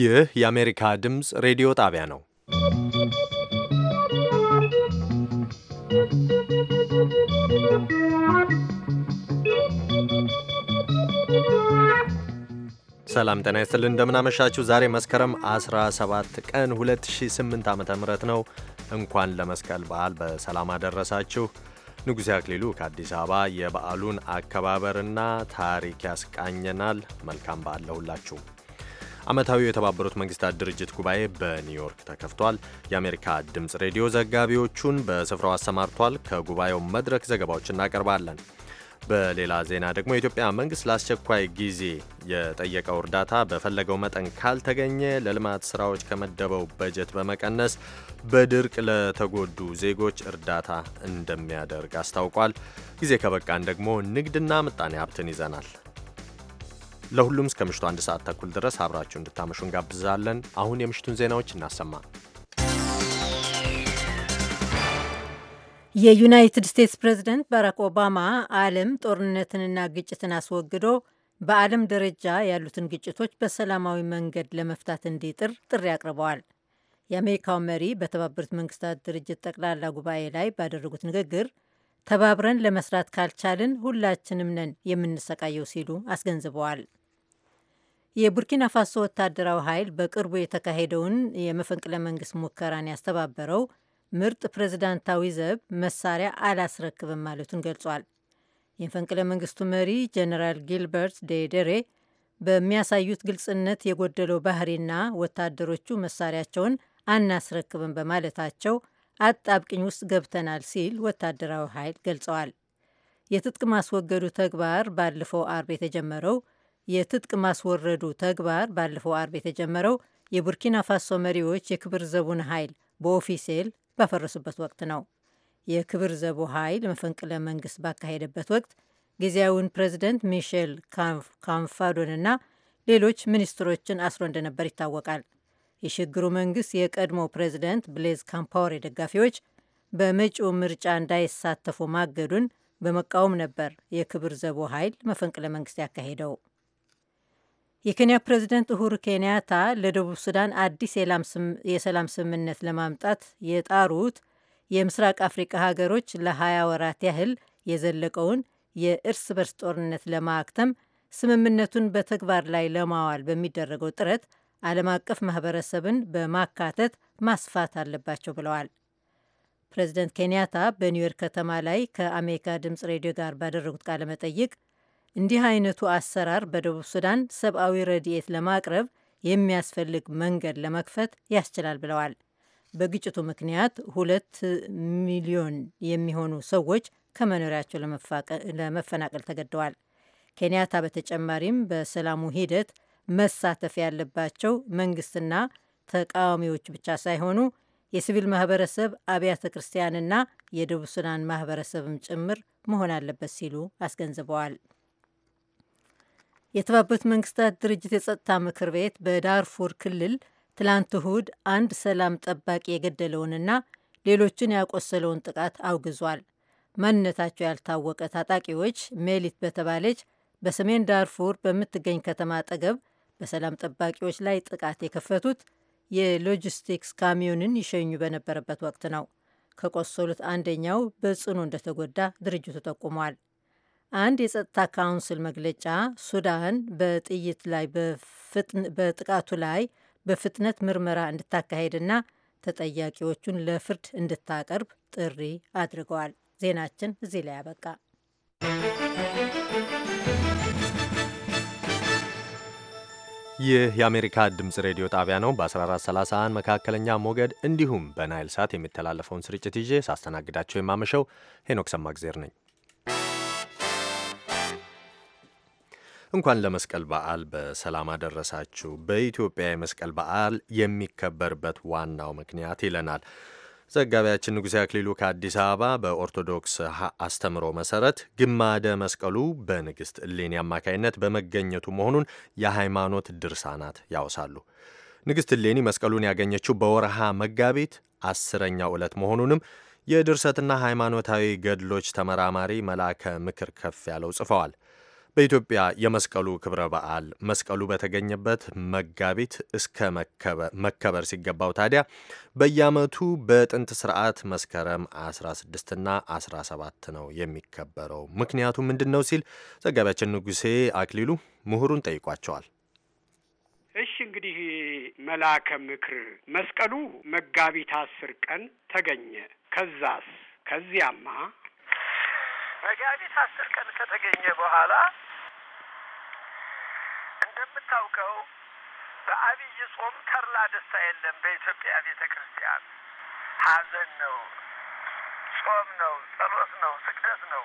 ይህ የአሜሪካ ድምፅ ሬዲዮ ጣቢያ ነው። ሰላም ጤና ይስጥልን። እንደምናመሻችሁ። ዛሬ መስከረም 17 ቀን 2008 ዓ.ም ነው። እንኳን ለመስቀል በዓል በሰላም አደረሳችሁ። ንጉሴ አክሊሉ ከአዲስ አበባ የበዓሉን አከባበርና ታሪክ ያስቃኘናል። መልካም በዓል ለሁላችሁ። ዓመታዊው የተባበሩት መንግስታት ድርጅት ጉባኤ በኒውዮርክ ተከፍቷል። የአሜሪካ ድምፅ ሬዲዮ ዘጋቢዎቹን በስፍራው አሰማርቷል። ከጉባኤው መድረክ ዘገባዎች እናቀርባለን። በሌላ ዜና ደግሞ የኢትዮጵያ መንግስት ለአስቸኳይ ጊዜ የጠየቀው እርዳታ በፈለገው መጠን ካልተገኘ ለልማት ስራዎች ከመደበው በጀት በመቀነስ በድርቅ ለተጎዱ ዜጎች እርዳታ እንደሚያደርግ አስታውቋል። ጊዜ ከበቃን ደግሞ ንግድና ምጣኔ ሀብትን ይዘናል። ለሁሉም እስከ ምሽቱ አንድ ሰዓት ተኩል ድረስ አብራችሁ እንድታመሹ እንጋብዛለን። አሁን የምሽቱን ዜናዎች እናሰማ። የዩናይትድ ስቴትስ ፕሬዝደንት ባራክ ኦባማ ዓለም ጦርነትንና ግጭትን አስወግዶ በዓለም ደረጃ ያሉትን ግጭቶች በሰላማዊ መንገድ ለመፍታት እንዲጥር ጥሪ አቅርበዋል። የአሜሪካው መሪ በተባበሩት መንግስታት ድርጅት ጠቅላላ ጉባኤ ላይ ባደረጉት ንግግር ተባብረን ለመስራት ካልቻልን ሁላችንም ነን የምንሰቃየው ሲሉ አስገንዝበዋል። የቡርኪና ፋሶ ወታደራዊ ኃይል በቅርቡ የተካሄደውን የመፈንቅለ መንግስት ሙከራን ያስተባበረው ምርጥ ፕሬዝዳንታዊ ዘብ መሳሪያ አላስረክብም ማለቱን ገልጿል። የመፈንቅለ መንግስቱ መሪ ጀነራል ጊልበርት ዴደሬ በሚያሳዩት ግልጽነት የጎደለው ባህሪና ወታደሮቹ መሳሪያቸውን አናስረክብም በማለታቸው አጣብቅኝ ውስጥ ገብተናል ሲል ወታደራዊ ኃይል ገልጸዋል። የትጥቅ ማስወገዱ ተግባር ባለፈው አርብ የተጀመረው የትጥቅ ማስወረዱ ተግባር ባለፈው አርብ የተጀመረው የቡርኪና ፋሶ መሪዎች የክብር ዘቡን ኃይል በኦፊሴል ባፈረሱበት ወቅት ነው። የክብር ዘቡ ኃይል መፈንቅለ መንግስት ባካሄደበት ወቅት ጊዜያዊውን ፕሬዚደንት ሚሼል ካምፋዶንና ሌሎች ሚኒስትሮችን አስሮ እንደነበር ይታወቃል። የሽግግሩ መንግስት የቀድሞ ፕሬዚደንት ብሌዝ ካምፓወሬ ደጋፊዎች በመጪው ምርጫ እንዳይሳተፉ ማገዱን በመቃወም ነበር የክብር ዘቦ ኃይል መፈንቅለ መንግስት ያካሄደው። የኬንያ ፕሬዚደንት እሁር ኬንያታ ለደቡብ ሱዳን አዲስ የሰላም ስምምነት ለማምጣት የጣሩት የምስራቅ አፍሪቃ ሀገሮች ለ 20 ወራት ያህል የዘለቀውን የእርስ በርስ ጦርነት ለማክተም ስምምነቱን በተግባር ላይ ለማዋል በሚደረገው ጥረት ዓለም አቀፍ ማህበረሰብን በማካተት ማስፋት አለባቸው ብለዋል። ፕሬዚደንት ኬንያታ በኒውዮርክ ከተማ ላይ ከአሜሪካ ድምፅ ሬዲዮ ጋር ባደረጉት ቃለ መጠይቅ እንዲህ አይነቱ አሰራር በደቡብ ሱዳን ሰብአዊ ረድኤት ለማቅረብ የሚያስፈልግ መንገድ ለመክፈት ያስችላል ብለዋል። በግጭቱ ምክንያት ሁለት ሚሊዮን የሚሆኑ ሰዎች ከመኖሪያቸው ለመፈናቀል ተገደዋል። ኬንያታ በተጨማሪም በሰላሙ ሂደት መሳተፍ ያለባቸው መንግስትና ተቃዋሚዎች ብቻ ሳይሆኑ የሲቪል ማህበረሰብ፣ አብያተ ክርስቲያንና የደቡብ ሱዳን ማህበረሰብም ጭምር መሆን አለበት ሲሉ አስገንዝበዋል። የተባበሩት መንግስታት ድርጅት የጸጥታ ምክር ቤት በዳርፉር ክልል ትላንት እሁድ አንድ ሰላም ጠባቂ የገደለውንና ሌሎችን ያቆሰለውን ጥቃት አውግዟል። ማንነታቸው ያልታወቀ ታጣቂዎች ሜሊት በተባለች በሰሜን ዳርፉር በምትገኝ ከተማ አጠገብ በሰላም ጠባቂዎች ላይ ጥቃት የከፈቱት የሎጂስቲክስ ካሚዮንን ይሸኙ በነበረበት ወቅት ነው። ከቆሰሉት አንደኛው በጽኑ እንደተጎዳ ድርጅቱ ጠቁሟል። አንድ የጸጥታ ካውንስል መግለጫ ሱዳን በጥይት ላይ በጥቃቱ ላይ በፍጥነት ምርመራ እንድታካሄድና ተጠያቂዎቹን ለፍርድ እንድታቀርብ ጥሪ አድርገዋል። ዜናችን እዚህ ላይ አበቃ። ይህ የአሜሪካ ድምፅ ሬዲዮ ጣቢያ ነው። በ1431 መካከለኛ ሞገድ እንዲሁም በናይል ሳት የሚተላለፈውን ስርጭት ይዤ ሳስተናግዳቸው የማመሸው ሄኖክ ሰማግዜር ነኝ። እንኳን ለመስቀል በዓል በሰላም አደረሳችሁ። በኢትዮጵያ የመስቀል በዓል የሚከበርበት ዋናው ምክንያት ይለናል ዘጋቢያችን ንጉሴ አክሊሉ ከአዲስ አበባ በኦርቶዶክስ አስተምሮ መሰረት ግማደ መስቀሉ በንግሥት እሌኒ አማካይነት በመገኘቱ መሆኑን የሃይማኖት ድርሳናት ያወሳሉ። ንግሥት እሌኒ መስቀሉን ያገኘችው በወርሃ መጋቢት አስረኛው ዕለት መሆኑንም የድርሰትና ሃይማኖታዊ ገድሎች ተመራማሪ መልአከ ምክር ከፍ ያለው ጽፈዋል። በኢትዮጵያ የመስቀሉ ክብረ በዓል መስቀሉ በተገኘበት መጋቢት እስከ መከበር ሲገባው ታዲያ በየዓመቱ በጥንት ስርዓት መስከረም 16ና 17 ነው የሚከበረው። ምክንያቱ ምንድን ነው ሲል ዘጋቢያችን ንጉሴ አክሊሉ ምሁሩን ጠይቋቸዋል። እሺ እንግዲህ መላከ ምክር መስቀሉ መጋቢት አስር ቀን ተገኘ። ከዛስ ከዚያማ መጋቢት አስር ቀን ከተገኘ በኋላ እንደምታውቀው በአብይ ጾም ተርላ ደስታ የለም። በኢትዮጵያ ቤተ ክርስቲያን ሐዘን ነው፣ ጾም ነው፣ ጸሎት ነው፣ ስግደት ነው።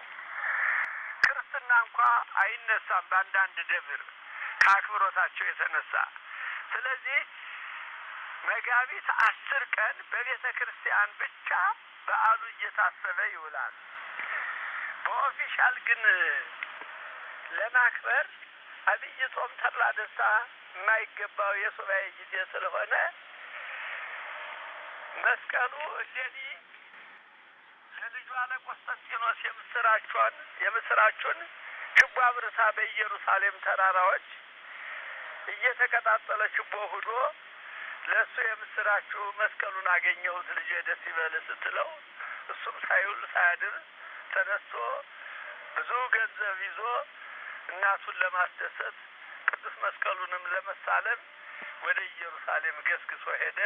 ክርስትና እንኳ አይነሳም በአንዳንድ ደብር ከአክብሮታቸው የተነሳ። ስለዚህ መጋቢት አስር ቀን በቤተ ክርስቲያን ብቻ በዓሉ እየታሰበ ይውላል። በኦፊሻል ግን ለማክበር አብይ ጾም ተድላ ደስታ የማይገባው የሱባኤ ጊዜ ስለሆነ መስቀሉ እንደዚህ ለልጇ ለቆስጠንጢኖስ የምስራቿን የምስራቹን ችቦ አብርታ በኢየሩሳሌም ተራራዎች እየተቀጣጠለ ችቦ ሁዶ ለእሱ የምስራችሁ መስቀሉን አገኘሁት ልጄ ደስ ይበል ስትለው እሱም ሳይውል ሳያድር ተነስቶ ብዙ ገንዘብ ይዞ እናቱን ለማስደሰት ቅዱስ መስቀሉንም ለመሳለም ወደ ኢየሩሳሌም ገስግሶ ሄደ።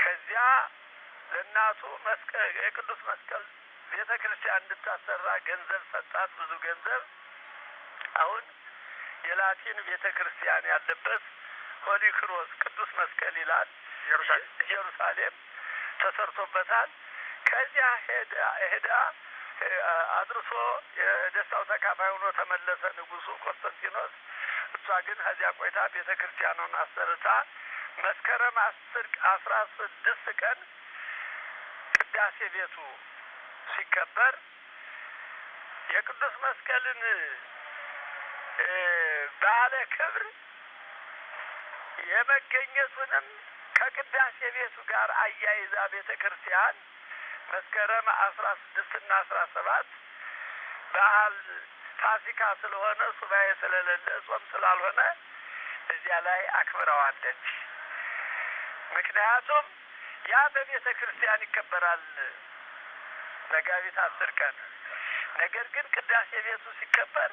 ከዚያ ለእናቱ መስቀል የቅዱስ መስቀል ቤተ ክርስቲያን እንድታሰራ ገንዘብ ሰጣት፣ ብዙ ገንዘብ። አሁን የላቲን ቤተ ክርስቲያን ያለበት ሆሊ ክሮስ ቅዱስ መስቀል ይላል ኢየሩሳሌም ተሰርቶበታል። ከዚያ ሄዳ ሄዳ አድርሶ የደስታው ተካፋይ ሆኖ ተመለሰ ንጉሱ ኮንስታንቲኖስ። እሷ ግን ከዚያ ቆይታ ቤተ ክርስቲያኑን አሰርታ መስከረም አስር አስራ ስድስት ቀን ቅዳሴ ቤቱ ሲከበር የቅዱስ መስቀልን ባለ ክብር የመገኘቱንም ከቅዳሴ ቤቱ ጋር አያይዛ ቤተ ክርስቲያን መስከረም አስራ ስድስት እና አስራ ሰባት በዓል ፋሲካ ስለሆነ ሱባኤ ስለሌለ ጾም ስላልሆነ እዚያ ላይ አክብረዋለች። ምክንያቱም ያ በቤተ ክርስቲያን ይከበራል መጋቢት አስር ቀን። ነገር ግን ቅዳሴ ቤቱ ሲከበር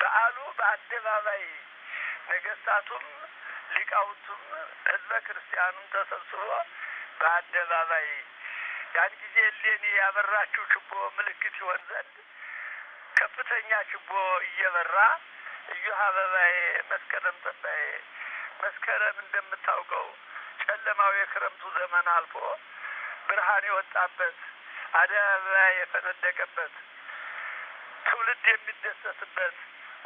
በዓሉ በአደባባይ ነገስታቱም ሊቃውንቱም ህዝበ ክርስቲያኑም ተሰብስቦ በአደባባይ ያን ጊዜ እሌኒ ያበራችው ችቦ ምልክት ይሆን ዘንድ ከፍተኛ ችቦ እየበራ እዮሃ አበባዬ፣ መስከረም ጠባዬ፣ መስከረም እንደምታውቀው ጨለማው የክረምቱ ዘመን አልፎ ብርሃን የወጣበት አደይ አበባ የፈነደቀበት ትውልድ የሚደሰትበት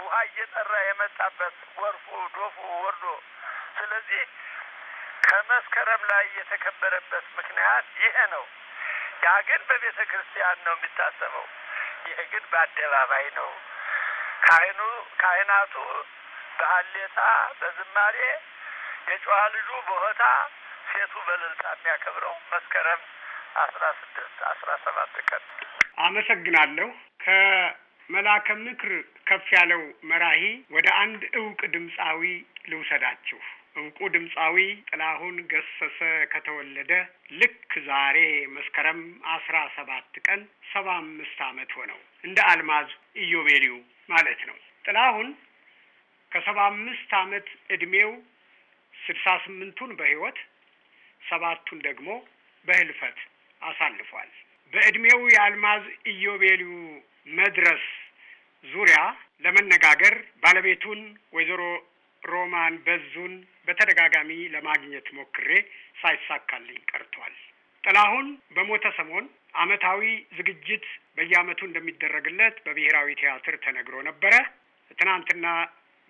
ውሃ እየጠራ የመጣበት ጎርፉ ዶፉ ወርዶ ስለዚህ ከመስከረም ላይ የተከበረበት ምክንያት ይሄ ነው። ያ ግን በቤተ ክርስቲያን ነው የሚታሰበው። ይህ ግን በአደባባይ ነው። ካህኑ ካህናቱ በሀሌታ በዝማሬ የጨዋ ልጁ በሆታ ሴቱ በእልልታ የሚያከብረው መስከረም አስራ ስድስት አስራ ሰባት ቀን። አመሰግናለሁ። ከመላከ ምክር ከፍ ያለው መራሂ ወደ አንድ እውቅ ድምፃዊ ልውሰዳችሁ። እንቁ ድምፃዊ ጥላሁን ገሰሰ ከተወለደ ልክ ዛሬ መስከረም አስራ ሰባት ቀን ሰባ አምስት ዓመት ሆነው እንደ አልማዝ ኢዮቤልዩ ማለት ነው። ጥላሁን ከሰባ አምስት ዓመት ዕድሜው ስድሳ ስምንቱን በሕይወት ሰባቱን ደግሞ በህልፈት አሳልፏል። በዕድሜው የአልማዝ ኢዮቤልዩ መድረስ ዙሪያ ለመነጋገር ባለቤቱን ወይዘሮ ሮማን በዙን በተደጋጋሚ ለማግኘት ሞክሬ ሳይሳካልኝ ቀርቷል። ጥላሁን በሞተ ሰሞን ዓመታዊ ዝግጅት በየዓመቱ እንደሚደረግለት በብሔራዊ ቲያትር ተነግሮ ነበረ። ትናንትና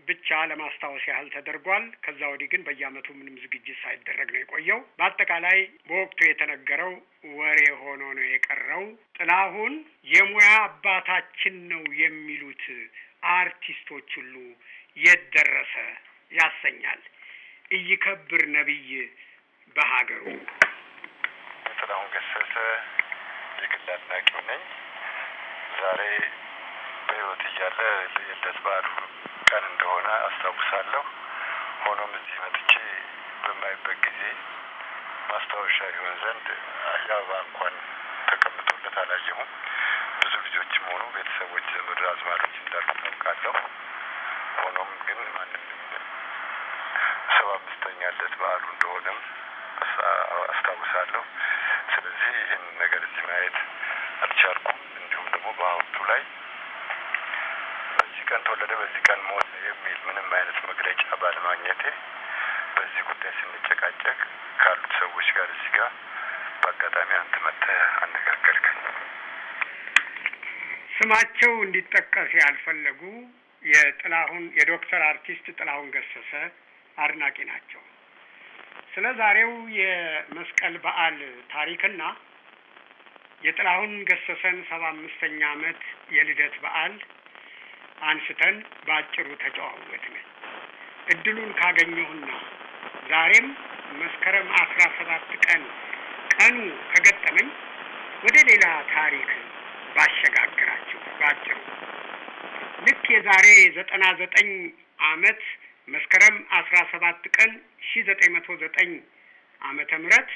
ብቻ ለማስታወስ ያህል ተደርጓል። ከዛ ወዲህ ግን በየዓመቱ ምንም ዝግጅት ሳይደረግ ነው የቆየው። በአጠቃላይ በወቅቱ የተነገረው ወሬ ሆኖ ነው የቀረው። ጥላሁን የሙያ አባታችን ነው የሚሉት አርቲስቶች ሁሉ የት ደረሰ ያሰኛል። እይከብር ነቢይ በሀገሩ ጥላሁን ገሰሰ የግል አድናቂው ነኝ። ዛሬ በህይወት እያለ የልደት በዓሉ ቀን እንደሆነ አስታውሳለሁ። ሆኖም እዚህ መጥቼ በማይበት ጊዜ ማስታወሻ ይሆን ዘንድ የአበባ እንኳን ተቀምጦለት አላየሁም። ብዙ ልጆችም ሆኑ ቤተሰቦች፣ ዘመድ አዝማዶች እንዳሉ ታውቃለሁ። ሆኖም ግን ሰባ አምስተኛ ልደት በዓሉ እንደሆነም አስታውሳለሁ። ስለዚህ ይህን ነገር እዚህ ማየት አልቻልኩም። እንዲሁም ደግሞ በሀውልቱ ላይ በዚህ ቀን ተወለደ፣ በዚህ ቀን ሞተ የሚል ምንም አይነት መግለጫ ባለማግኘቴ በዚህ ጉዳይ ስንጨቃጨቅ ካሉት ሰዎች ጋር እዚህ ጋር በአጋጣሚ አንተ መጥተህ አነጋገርከኝ። ስማቸው እንዲጠቀስ ያልፈለጉ የጥላሁን የዶክተር አርቲስት ጥላሁን ገሰሰ አድናቂ ናቸው። ስለ ዛሬው የመስቀል በዓል ታሪክና የጥላሁን ገሰሰን ሰባ አምስተኛ ዓመት የልደት በዓል አንስተን በአጭሩ ነኝ። እድሉን ካገኘሁና ዛሬም መስከረም አስራ ሰባት ቀን ቀኑ ከገጠመኝ ወደ ሌላ ታሪክ ባሸጋግራችሁ በአጭሩ የዛሬ ዘጠና ዘጠኝ አመት መስከረም አስራ ሰባት ቀን ሺ ዘጠኝ መቶ ዘጠኝ አመተ ምህረት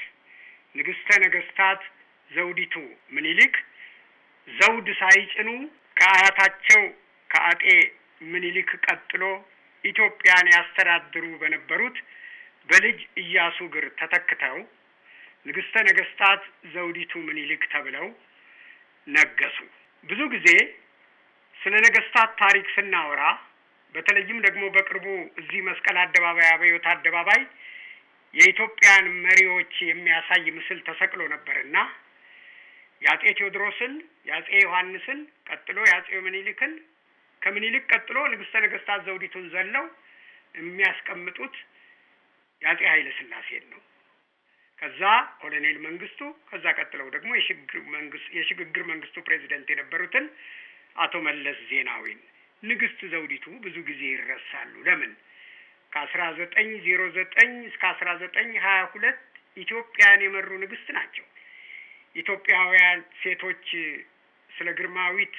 ንግስተ ነገስታት ዘውዲቱ ምኒልክ ዘውድ ሳይጭኑ ከአያታቸው ከአጤ ምኒልክ ቀጥሎ ኢትዮጵያን ያስተዳድሩ በነበሩት በልጅ እያሱ እግር ተተክተው ንግስተ ነገስታት ዘውዲቱ ምኒልክ ተብለው ነገሱ። ብዙ ጊዜ ስለ ነገስታት ታሪክ ስናወራ በተለይም ደግሞ በቅርቡ እዚህ መስቀል አደባባይ፣ አብዮት አደባባይ የኢትዮጵያን መሪዎች የሚያሳይ ምስል ተሰቅሎ ነበር የአጼ ቴዎድሮስን፣ የአጼ ዮሐንስን ቀጥሎ የአጼ ምኒልክን ከምኒልክ ቀጥሎ ንግስተ ነገስታት ዘውዲቱን ዘለው የሚያስቀምጡት የአጼ ኃይለ ስላሴን ነው። ከዛ ኮሎኔል መንግስቱ፣ ከዛ ቀጥለው ደግሞ የሽግግር መንግስቱ ፕሬዚደንት የነበሩትን አቶ መለስ ዜናዊን ንግስት ዘውዲቱ ብዙ ጊዜ ይረሳሉ። ለምን? ከአስራ ዘጠኝ ዜሮ ዘጠኝ እስከ አስራ ዘጠኝ ሀያ ሁለት ኢትዮጵያን የመሩ ንግስት ናቸው። ኢትዮጵያውያን ሴቶች ስለ ግርማዊት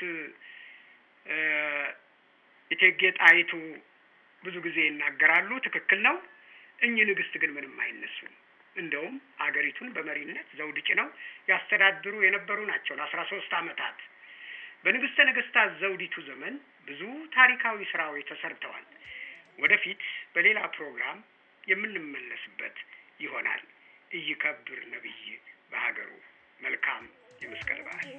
እቴጌ ጣይቱ ብዙ ጊዜ ይናገራሉ። ትክክል ነው። እኚህ ንግስት ግን ምንም አይነሱም። እንደውም አገሪቱን በመሪነት ዘውድ ጭነው ያስተዳድሩ የነበሩ ናቸው ለአስራ ሶስት አመታት በንግሥተ ነገሥታት ዘውዲቱ ዘመን ብዙ ታሪካዊ ስራዎች ተሰርተዋል። ወደፊት በሌላ ፕሮግራም የምንመለስበት ይሆናል። እይከብር ነቢይ በሀገሩ። መልካም የመስቀል በዓል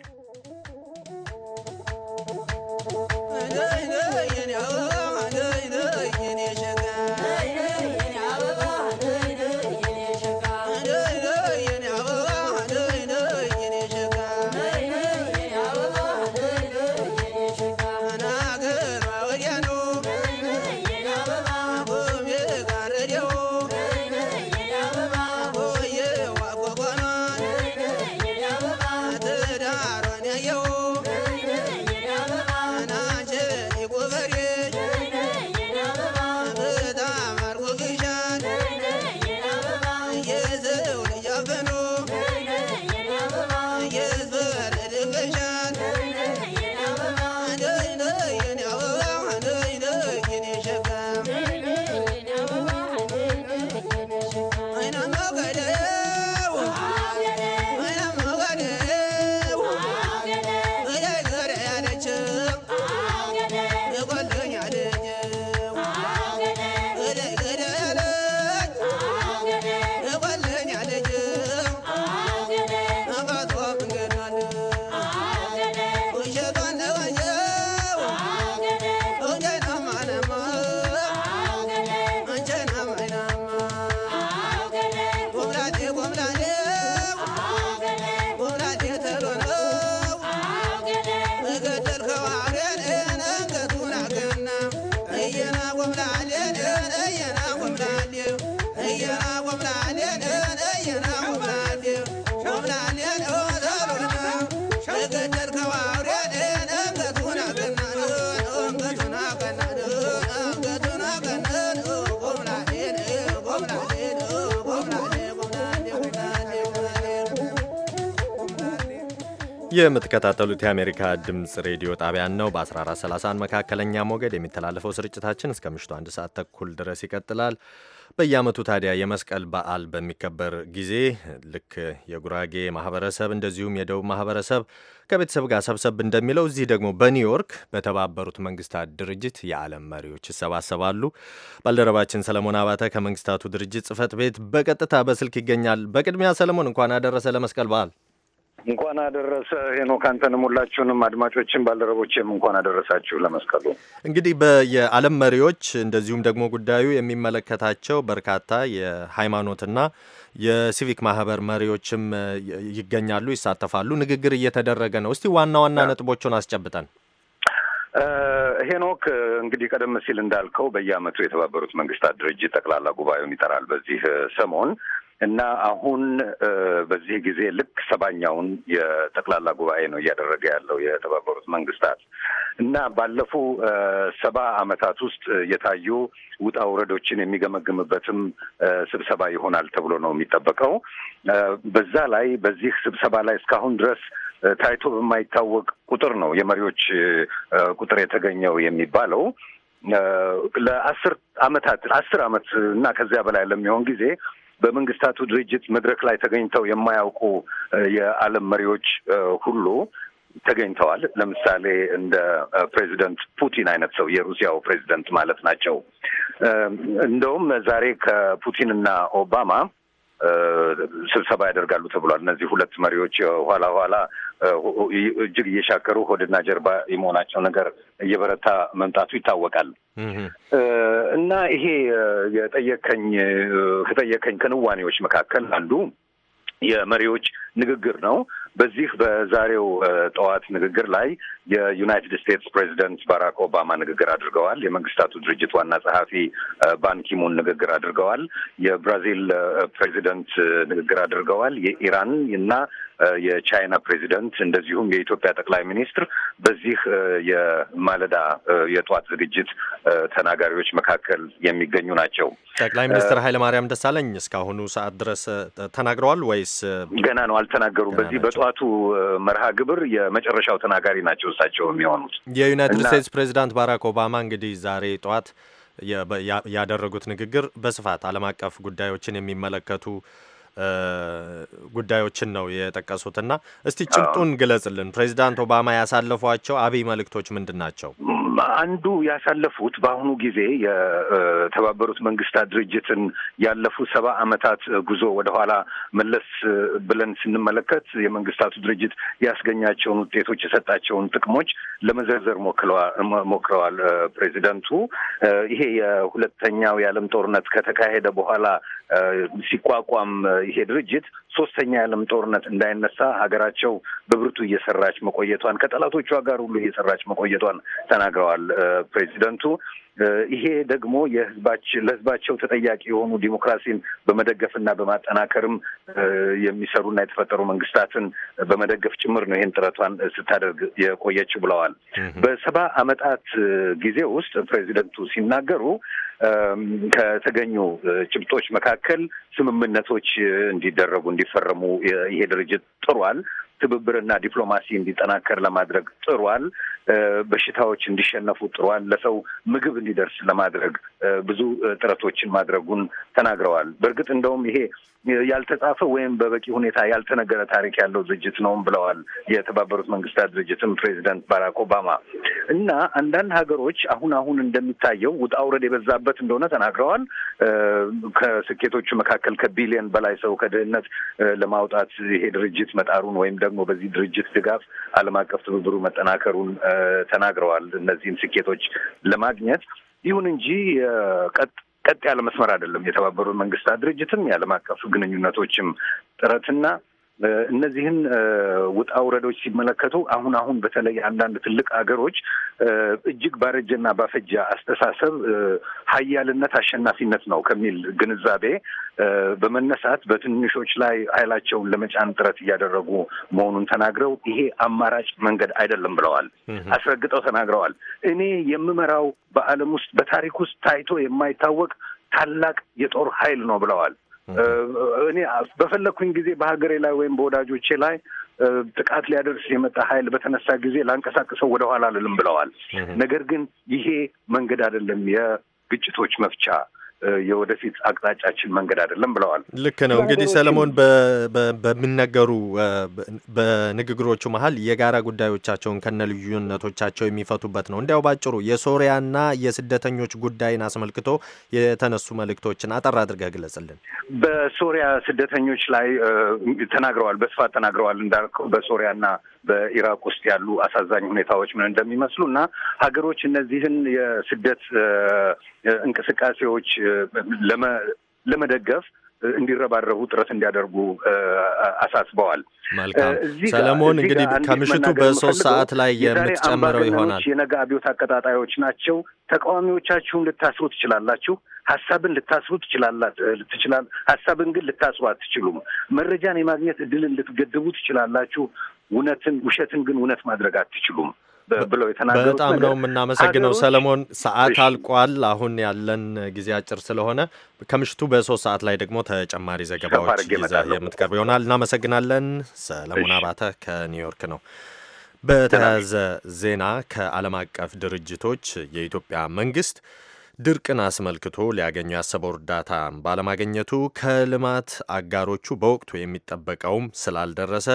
የምትከታተሉት የአሜሪካ ድምፅ ሬዲዮ ጣቢያን ነው። በ1431 መካከለኛ ሞገድ የሚተላለፈው ስርጭታችን እስከ ምሽቱ አንድ ሰዓት ተኩል ድረስ ይቀጥላል። በየዓመቱ ታዲያ የመስቀል በዓል በሚከበር ጊዜ ልክ የጉራጌ ማህበረሰብ እንደዚሁም የደቡብ ማህበረሰብ ከቤተሰብ ጋር ሰብሰብ እንደሚለው እዚህ ደግሞ በኒውዮርክ በተባበሩት መንግስታት ድርጅት የዓለም መሪዎች ይሰባሰባሉ። ባልደረባችን ሰለሞን አባተ ከመንግስታቱ ድርጅት ጽህፈት ቤት በቀጥታ በስልክ ይገኛል። በቅድሚያ ሰለሞን እንኳን አደረሰ ለመስቀል በዓል። እንኳን አደረሰ ሄኖክ፣ አንተንም ሁላችሁንም አድማጮችን ባልደረቦችም እንኳን አደረሳችሁ ለመስቀሉ። እንግዲህ የዓለም መሪዎች እንደዚሁም ደግሞ ጉዳዩ የሚመለከታቸው በርካታ የሃይማኖትና የሲቪክ ማህበር መሪዎችም ይገኛሉ፣ ይሳተፋሉ። ንግግር እየተደረገ ነው። እስቲ ዋና ዋና ነጥቦቹን አስጨብጠን ሄኖክ እንግዲህ ቀደም ሲል እንዳልከው በየዓመቱ የተባበሩት መንግስታት ድርጅት ጠቅላላ ጉባኤውን ይጠራል። በዚህ ሰሞን እና አሁን በዚህ ጊዜ ልክ ሰባኛውን የጠቅላላ ጉባኤ ነው እያደረገ ያለው የተባበሩት መንግስታት እና ባለፉ ሰባ አመታት ውስጥ የታዩ ውጣ ውረዶችን የሚገመግምበትም ስብሰባ ይሆናል ተብሎ ነው የሚጠበቀው። በዛ ላይ በዚህ ስብሰባ ላይ እስካሁን ድረስ ታይቶ በማይታወቅ ቁጥር ነው የመሪዎች ቁጥር የተገኘው የሚባለው ለአስር አመታት አስር አመት እና ከዚያ በላይ ለሚሆን ጊዜ በመንግስታቱ ድርጅት መድረክ ላይ ተገኝተው የማያውቁ የዓለም መሪዎች ሁሉ ተገኝተዋል። ለምሳሌ እንደ ፕሬዚደንት ፑቲን አይነት ሰው የሩሲያው ፕሬዚደንት ማለት ናቸው። እንደውም ዛሬ ከፑቲን እና ኦባማ ስብሰባ ያደርጋሉ ተብሏል። እነዚህ ሁለት መሪዎች ኋላ ኋላ እጅግ እየሻከሩ ሆድና ጀርባ የመሆናቸው ነገር እየበረታ መምጣቱ ይታወቃል እና ይሄ የጠየከኝ ከጠየከኝ ክንዋኔዎች መካከል አንዱ የመሪዎች ንግግር ነው። በዚህ በዛሬው ጠዋት ንግግር ላይ የዩናይትድ ስቴትስ ፕሬዚደንት ባራክ ኦባማ ንግግር አድርገዋል። የመንግስታቱ ድርጅት ዋና ጸሐፊ ባንኪሙን ንግግር አድርገዋል። የብራዚል ፕሬዚደንት ንግግር አድርገዋል። የኢራን እና የቻይና ፕሬዚደንት እንደዚሁም የኢትዮጵያ ጠቅላይ ሚኒስትር በዚህ የማለዳ የጠዋት ዝግጅት ተናጋሪዎች መካከል የሚገኙ ናቸው። ጠቅላይ ሚኒስትር ኃይለማርያም ደሳለኝ እስካሁኑ ሰዓት ድረስ ተናግረዋል ወይስ ገና ነው? አልተናገሩም። በዚህ በጠዋት የጥፋቱ መርሃ ግብር የመጨረሻው ተናጋሪ ናቸው እሳቸው የሚሆኑት። የዩናይትድ ስቴትስ ፕሬዚዳንት ባራክ ኦባማ እንግዲህ ዛሬ ጠዋት ያደረጉት ንግግር በስፋት ዓለም አቀፍ ጉዳዮችን የሚመለከቱ ጉዳዮችን ነው የጠቀሱትና እስቲ ጭብጡን ግለጽልን። ፕሬዚዳንት ኦባማ ያሳለፏቸው አብይ መልእክቶች ምንድን ናቸው? አንዱ ያሳለፉት በአሁኑ ጊዜ የተባበሩት መንግስታት ድርጅትን ያለፉ ሰባ ዓመታት ጉዞ ወደኋላ መለስ ብለን ስንመለከት የመንግስታቱ ድርጅት ያስገኛቸውን ውጤቶች፣ የሰጣቸውን ጥቅሞች ለመዘርዘር ሞክረዋል ፕሬዚደንቱ። ይሄ የሁለተኛው የዓለም ጦርነት ከተካሄደ በኋላ ሲቋቋም ይሄ ድርጅት ሶስተኛ የዓለም ጦርነት እንዳይነሳ ሀገራቸው በብርቱ እየሰራች መቆየቷን ከጠላቶቿ ጋር ሁሉ እየሰራች መቆየቷን ተናግረዋል ፕሬዚደንቱ። ይሄ ደግሞ የህዝባችን ለህዝባቸው ተጠያቂ የሆኑ ዲሞክራሲን በመደገፍና በማጠናከርም የሚሰሩና የተፈጠሩ መንግስታትን በመደገፍ ጭምር ነው ይህን ጥረቷን ስታደርግ የቆየች ብለዋል። በሰባ አመታት ጊዜ ውስጥ ፕሬዚደንቱ ሲናገሩ ከተገኙ ጭብጦች መካከል ስምምነቶች እንዲደረጉ እንዲፈረሙ ይሄ ድርጅት ጥሯል። ትብብርና ዲፕሎማሲ እንዲጠናከር ለማድረግ ጥሯል። በሽታዎች እንዲሸነፉ ጥሯል። ለሰው ምግብ እንዲደርስ ለማድረግ ብዙ ጥረቶችን ማድረጉን ተናግረዋል። በእርግጥ እንደውም ይሄ ያልተጻፈ ወይም በበቂ ሁኔታ ያልተነገረ ታሪክ ያለው ድርጅት ነውም ብለዋል የተባበሩት መንግስታት ድርጅትም ፕሬዚደንት ባራክ ኦባማ እና አንዳንድ ሀገሮች አሁን አሁን እንደሚታየው ውጣ ውረድ የበዛበት እንደሆነ ተናግረዋል። ከስኬቶቹ መካከል ከቢሊየን በላይ ሰው ከድህነት ለማውጣት ይሄ ድርጅት መጣሩን ወይም ደግሞ ደግሞ በዚህ ድርጅት ድጋፍ ዓለም አቀፍ ትብብሩ መጠናከሩን ተናግረዋል። እነዚህን ስኬቶች ለማግኘት ይሁን እንጂ ቀጥ ቀጥ ያለ መስመር አይደለም። የተባበሩት መንግስታት ድርጅትም የዓለም አቀፍ ግንኙነቶችም ጥረትና እነዚህን ውጣ ውረዶች ሲመለከቱ አሁን አሁን በተለይ አንዳንድ ትልቅ አገሮች እጅግ ባረጀና ባፈጃ አስተሳሰብ ሀያልነት አሸናፊነት ነው ከሚል ግንዛቤ በመነሳት በትንሾች ላይ ኃይላቸውን ለመጫን ጥረት እያደረጉ መሆኑን ተናግረው ይሄ አማራጭ መንገድ አይደለም ብለዋል። አስረግጠው ተናግረዋል። እኔ የምመራው በዓለም ውስጥ በታሪክ ውስጥ ታይቶ የማይታወቅ ታላቅ የጦር ኃይል ነው ብለዋል። እኔ በፈለግኩኝ ጊዜ በሀገሬ ላይ ወይም በወዳጆቼ ላይ ጥቃት ሊያደርስ የመጣ ኃይል በተነሳ ጊዜ ላንቀሳቅሰው ወደኋላ አልልም ብለዋል። ነገር ግን ይሄ መንገድ አይደለም የግጭቶች መፍቻ የወደፊት አቅጣጫችን መንገድ አይደለም ብለዋል። ልክ ነው። እንግዲህ ሰለሞን በሚነገሩ በንግግሮቹ መሀል የጋራ ጉዳዮቻቸውን ከነ ልዩነቶቻቸው የሚፈቱበት ነው። እንዲያው ባጭሩ የሶሪያና የስደተኞች ጉዳይን አስመልክቶ የተነሱ መልእክቶችን አጠር አድርገህ ግለጽልን። በሶሪያ ስደተኞች ላይ ተናግረዋል፣ በስፋት ተናግረዋል። እንዳልከው በሶሪያና በኢራቅ ውስጥ ያሉ አሳዛኝ ሁኔታዎች ምን እንደሚመስሉ እና ሀገሮች እነዚህን የስደት እንቅስቃሴዎች ለመደገፍ እንዲረባረቡ ጥረት እንዲያደርጉ አሳስበዋል። መልካም ሰለሞን፣ እንግዲህ ከምሽቱ በሶስት ሰዓት ላይ የምትጨምረው ይሆናል። የነገ አብዮት አቀጣጣዮች ናቸው። ተቃዋሚዎቻችሁን ልታስሩ ትችላላችሁ። ሀሳብን ልታስሩ ትችላል። ሀሳብን ግን ልታስሩ አትችሉም። መረጃን የማግኘት እድልን ልትገድቡ ትችላላችሁ። እውነትን ውሸትን ግን እውነት ማድረግ አትችሉም። ብለው የተናገሩት። በጣም ነው የምናመሰግነው ሰለሞን። ሰዓት አልቋል። አሁን ያለን ጊዜ አጭር ስለሆነ ከምሽቱ በሶስት ሰዓት ላይ ደግሞ ተጨማሪ ዘገባዎች ይዘህ የምትቀርብ ይሆናል። እናመሰግናለን። ሰለሞን አባተ ከኒውዮርክ ነው። በተያያዘ ዜና ከዓለም አቀፍ ድርጅቶች የኢትዮጵያ መንግስት ድርቅን አስመልክቶ ሊያገኙ ያሰበው እርዳታ ባለማግኘቱ ከልማት አጋሮቹ በወቅቱ የሚጠበቀውም ስላልደረሰ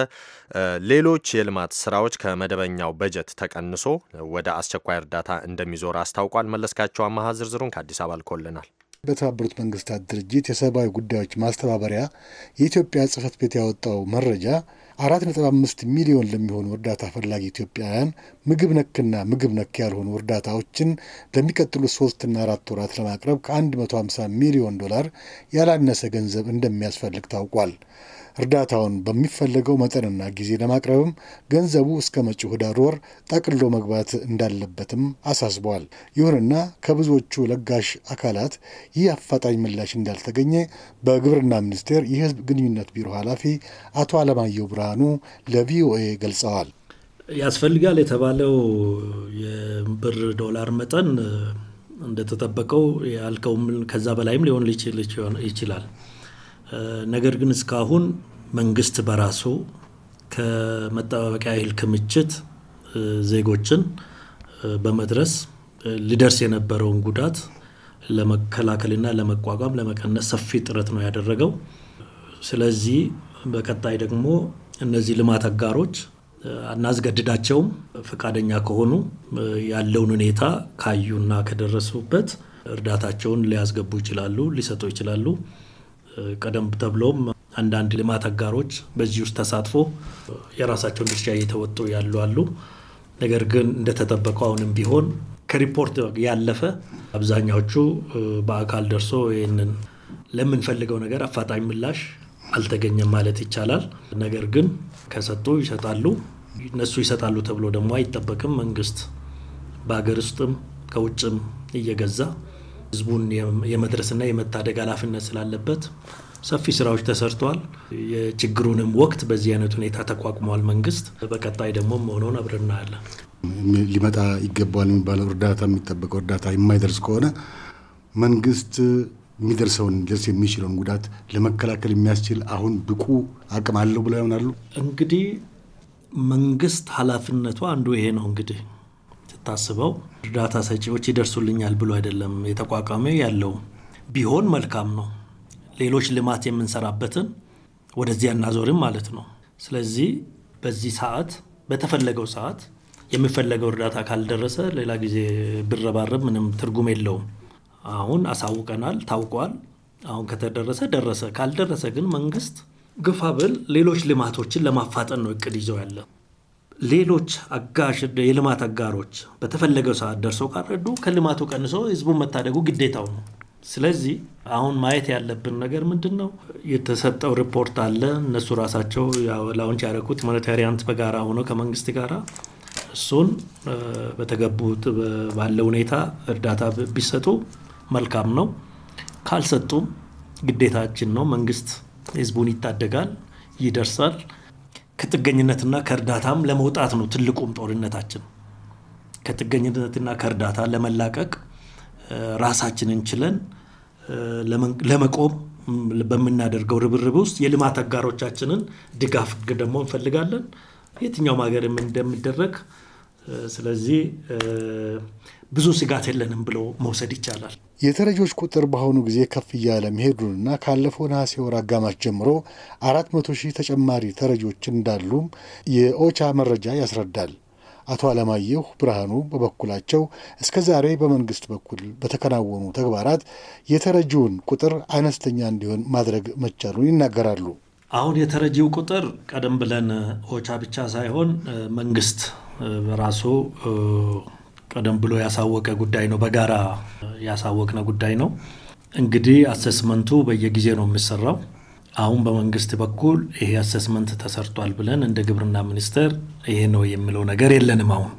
ሌሎች የልማት ስራዎች ከመደበኛው በጀት ተቀንሶ ወደ አስቸኳይ እርዳታ እንደሚዞር አስታውቋል። መለስካቸው አመሀ ዝርዝሩን ከአዲስ አበባ ልኮልናል። በተባበሩት መንግስታት ድርጅት የሰብአዊ ጉዳዮች ማስተባበሪያ የኢትዮጵያ ጽህፈት ቤት ያወጣው መረጃ አራት ነጥብ አምስት ሚሊዮን ለሚሆኑ እርዳታ ፈላጊ ኢትዮጵያውያን ምግብ ነክና ምግብ ነክ ያልሆኑ እርዳታዎችን ለሚቀጥሉት ሶስትና አራት ወራት ለማቅረብ ከ150 ሚሊዮን ዶላር ያላነሰ ገንዘብ እንደሚያስፈልግ ታውቋል። እርዳታውን በሚፈለገው መጠንና ጊዜ ለማቅረብም ገንዘቡ እስከ መጪው ህዳር ወር ጠቅሎ መግባት እንዳለበትም አሳስበዋል። ይሁንና ከብዙዎቹ ለጋሽ አካላት ይህ አፋጣኝ ምላሽ እንዳልተገኘ በግብርና ሚኒስቴር የህዝብ ግንኙነት ቢሮ ኃላፊ አቶ አለማየሁ ብርሃኑ ለቪኦኤ ገልጸዋል። ያስፈልጋል የተባለው የብር ዶላር መጠን እንደተጠበቀው ያልከውም ከዛ በላይም ሊሆን ይችላል። ነገር ግን እስካሁን መንግስት በራሱ ከመጠባበቂያ እህል ክምችት ዜጎችን በመድረስ ሊደርስ የነበረውን ጉዳት ለመከላከልና ለመቋቋም ለመቀነስ ሰፊ ጥረት ነው ያደረገው። ስለዚህ በቀጣይ ደግሞ እነዚህ ልማት አጋሮች አናስገድዳቸውም። ፈቃደኛ ከሆኑ ያለውን ሁኔታ ካዩና ከደረሱበት እርዳታቸውን ሊያስገቡ ይችላሉ፣ ሊሰጡ ይችላሉ። ቀደም ተብሎም አንዳንድ ልማት አጋሮች በዚህ ውስጥ ተሳትፎ የራሳቸውን ድርሻ እየተወጡ ያሉ አሉ። ነገር ግን እንደተጠበቀው አሁንም ቢሆን ከሪፖርት ያለፈ አብዛኛዎቹ በአካል ደርሶ ይህንን ለምንፈልገው ነገር አፋጣኝ ምላሽ አልተገኘም ማለት ይቻላል። ነገር ግን ከሰጡ ይሰጣሉ፣ እነሱ ይሰጣሉ ተብሎ ደግሞ አይጠበቅም። መንግስት በሀገር ውስጥም ከውጭም እየገዛ ህዝቡን የመድረስና የመታደግ ኃላፊነት ስላለበት ሰፊ ስራዎች ተሰርተዋል። የችግሩንም ወቅት በዚህ አይነት ሁኔታ ተቋቁሟል መንግስት። በቀጣይ ደግሞ መሆነውን አብረን እናያለን። ሊመጣ ይገባዋል የሚባለው እርዳታ የሚጠበቀው እርዳታ የማይደርስ ከሆነ መንግስት የሚደርሰውን ሊደርስ የሚችለውን ጉዳት ለመከላከል የሚያስችል አሁን ብቁ አቅም አለው ብለው ያምናሉ። እንግዲህ መንግስት ኃላፊነቱ አንዱ ይሄ ነው እንግዲህ ታስበው እርዳታ ሰጪዎች ይደርሱልኛል ብሎ አይደለም የተቋቋመ ያለው ቢሆን መልካም ነው። ሌሎች ልማት የምንሰራበትን ወደዚያ እናዞርም ማለት ነው። ስለዚህ በዚህ ሰዓት በተፈለገው ሰዓት የሚፈለገው እርዳታ ካልደረሰ ሌላ ጊዜ ብረባረብ ምንም ትርጉም የለውም። አሁን አሳውቀናል፣ ታውቋል። አሁን ከተደረሰ ደረሰ፣ ካልደረሰ ግን መንግስት ግፋ ብል ሌሎች ልማቶችን ለማፋጠን ነው እቅድ ይዘው ያለ ሌሎች አጋሽ የልማት አጋሮች በተፈለገው ሰዓት ደርሰው ካልረዱ ከልማቱ ቀንሶ ህዝቡን መታደጉ ግዴታው ነው። ስለዚህ አሁን ማየት ያለብን ነገር ምንድን ነው? የተሰጠው ሪፖርት አለ። እነሱ ራሳቸው ላውንች ያደረጉት ሞኔታሪያንት በጋራ ሆነው ከመንግስት ጋር እሱን በተገቡት ባለ ሁኔታ እርዳታ ቢሰጡ መልካም ነው። ካልሰጡም ግዴታችን ነው። መንግስት ህዝቡን ይታደጋል፣ ይደርሳል። ከጥገኝነትና ከእርዳታም ለመውጣት ነው ትልቁም ጦርነታችን። ከጥገኝነትና ከእርዳታ ለመላቀቅ ራሳችንን ችለን ለመቆም በምናደርገው ርብርብ ውስጥ የልማት አጋሮቻችንን ድጋፍ ደግሞ እንፈልጋለን። የትኛውም ሀገርም እንደሚደረግ ስለዚህ ብዙ ስጋት የለንም ብሎ መውሰድ ይቻላል። የተረጂዎች ቁጥር በአሁኑ ጊዜ ከፍ እያለ መሄዱንና ካለፈው ነሐሴ ወር አጋማሽ ጀምሮ አራት መቶ ሺህ ተጨማሪ ተረጂዎች እንዳሉም የኦቻ መረጃ ያስረዳል። አቶ አለማየሁ ብርሃኑ በበኩላቸው እስከ ዛሬ በመንግስት በኩል በተከናወኑ ተግባራት የተረጂውን ቁጥር አነስተኛ እንዲሆን ማድረግ መቻሉን ይናገራሉ። አሁን የተረጂው ቁጥር ቀደም ብለን ኦቻ ብቻ ሳይሆን መንግስት በራሱ ቀደም ብሎ ያሳወቀ ጉዳይ ነው። በጋራ ያሳወቅነ ጉዳይ ነው። እንግዲህ አሴስመንቱ በየጊዜ ነው የሚሰራው። አሁን በመንግስት በኩል ይሄ አሴስመንት ተሰርቷል ብለን እንደ ግብርና ሚኒስቴር ይሄ ነው የሚለው ነገር የለንም። አሁን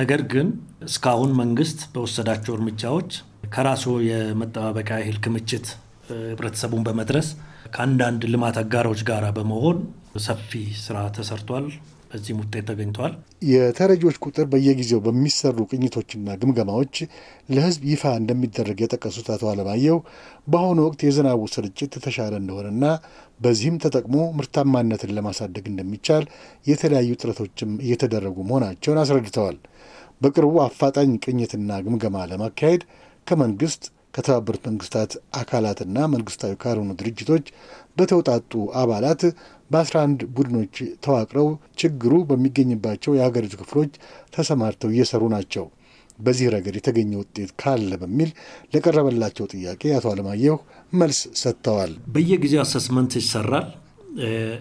ነገር ግን እስካሁን መንግስት በወሰዳቸው እርምጃዎች ከራሱ የመጠባበቂያ እህል ክምችት ህብረተሰቡን በመድረስ ከአንዳንድ ልማት አጋሮች ጋር በመሆን ሰፊ ስራ ተሰርቷል። በዚህም ውጤት ተገኝተዋል። የተረጂዎች ቁጥር በየጊዜው በሚሰሩ ቅኝቶችና ግምገማዎች ለሕዝብ ይፋ እንደሚደረግ የጠቀሱት አቶ አለማየሁ በአሁኑ ወቅት የዝናቡ ስርጭት የተሻለ እንደሆነና በዚህም ተጠቅሞ ምርታማነትን ለማሳደግ እንደሚቻል የተለያዩ ጥረቶችም እየተደረጉ መሆናቸውን አስረድተዋል። በቅርቡ አፋጣኝ ቅኝትና ግምገማ ለማካሄድ ከመንግስት ከተባበሩት መንግስታት አካላትና መንግስታዊ ካልሆኑ ድርጅቶች በተውጣጡ አባላት በ11 ቡድኖች ተዋቅረው ችግሩ በሚገኝባቸው የሀገሪቱ ክፍሎች ተሰማርተው እየሰሩ ናቸው። በዚህ ረገድ የተገኘ ውጤት ካለ በሚል ለቀረበላቸው ጥያቄ አቶ አለማየሁ መልስ ሰጥተዋል። በየጊዜው አሰስመንት ይሰራል።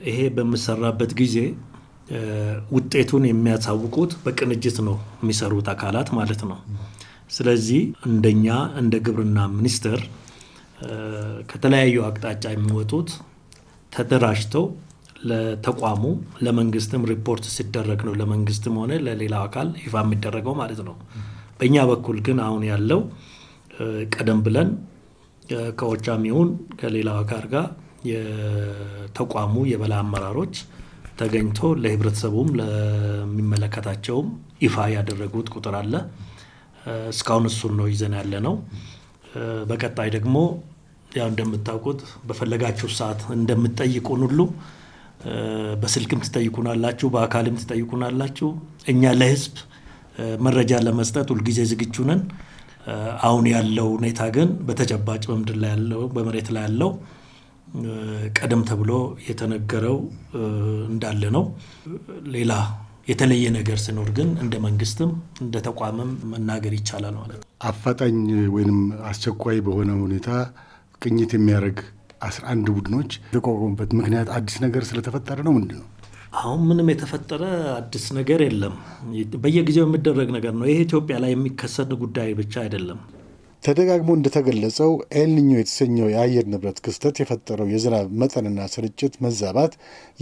ይሄ በምሰራበት ጊዜ ውጤቱን የሚያሳውቁት በቅንጅት ነው የሚሰሩት አካላት ማለት ነው። ስለዚህ እንደኛ እንደ ግብርና ሚኒስቴር ከተለያዩ አቅጣጫ የሚወጡት ተደራጅተው ለተቋሙ ለመንግስትም ሪፖርት ሲደረግ ነው ለመንግስትም ሆነ ለሌላ አካል ይፋ የሚደረገው ማለት ነው። በእኛ በኩል ግን አሁን ያለው ቀደም ብለን ከኦቻም ይሁን ከሌላው አካል ጋር የተቋሙ የበላይ አመራሮች ተገኝቶ ለህብረተሰቡም ለሚመለከታቸውም ይፋ ያደረጉት ቁጥር አለ። እስካሁን እሱን ነው ይዘን ያለ ነው። በቀጣይ ደግሞ ያው እንደምታውቁት በፈለጋችሁ ሰዓት እንደምትጠይቁን ሁሉ በስልክም ትጠይቁናላችሁ፣ በአካልም ትጠይቁናላችሁ። እኛ ለህዝብ መረጃ ለመስጠት ሁልጊዜ ዝግጁ ነን። አሁን ያለው ሁኔታ ግን በተጨባጭ በምድር ላይ ያለው በመሬት ላይ ያለው ቀደም ተብሎ የተነገረው እንዳለ ነው። ሌላ የተለየ ነገር ሲኖር ግን እንደ መንግስትም እንደ ተቋምም መናገር ይቻላል ማለት ነው። አፋጣኝ ወይም አስቸኳይ በሆነ ሁኔታ ቅኝት የሚያደርግ አስራ አንድ ቡድኖች የተቋቋሙበት ምክንያት አዲስ ነገር ስለተፈጠረ ነው። ምንድን ነው? አሁን ምንም የተፈጠረ አዲስ ነገር የለም። በየጊዜው የሚደረግ ነገር ነው። ይሄ ኢትዮጵያ ላይ የሚከሰት ጉዳይ ብቻ አይደለም። ተደጋግሞ እንደተገለጸው ኤልኒኞ የተሰኘው የአየር ንብረት ክስተት የፈጠረው የዝናብ መጠንና ስርጭት መዛባት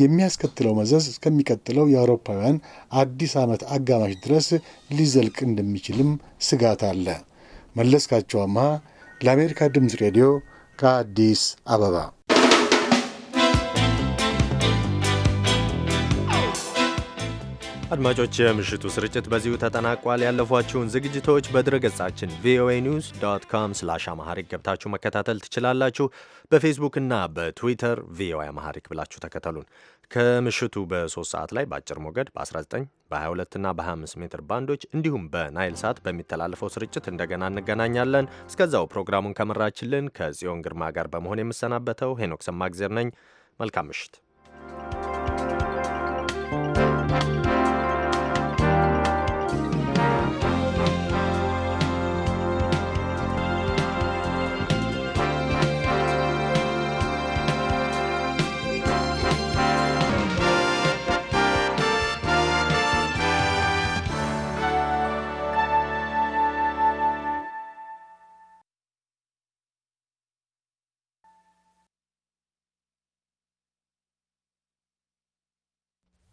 የሚያስከትለው መዘዝ እስከሚቀጥለው የአውሮፓውያን አዲስ ዓመት አጋማሽ ድረስ ሊዘልቅ እንደሚችልም ስጋት አለ። መለስካቸው አምሃ ለአሜሪካ ድምፅ ሬዲዮ ከአዲስ አበባ አድማጮች፣ የምሽቱ ስርጭት በዚሁ ተጠናቋል። ያለፏችሁን ዝግጅቶች በድረገጻችን ቪኦኤ ኒውስ ዶት ካም ስላሽ አማሐሪክ ገብታችሁ መከታተል ትችላላችሁ። በፌስቡክና በትዊተር ቪኦኤ አማሐሪክ ብላችሁ ተከተሉን። ከምሽቱ በሶስት ሰዓት ላይ በአጭር ሞገድ በ19 በ22 እና በ25 ሜትር ባንዶች እንዲሁም በናይል ሳት በሚተላለፈው ስርጭት እንደገና እንገናኛለን። እስከዛው ፕሮግራሙን ከመራችልን ከጽዮን ግርማ ጋር በመሆን የምሰናበተው ሄኖክ ሰማግዜር ነኝ። መልካም ምሽት።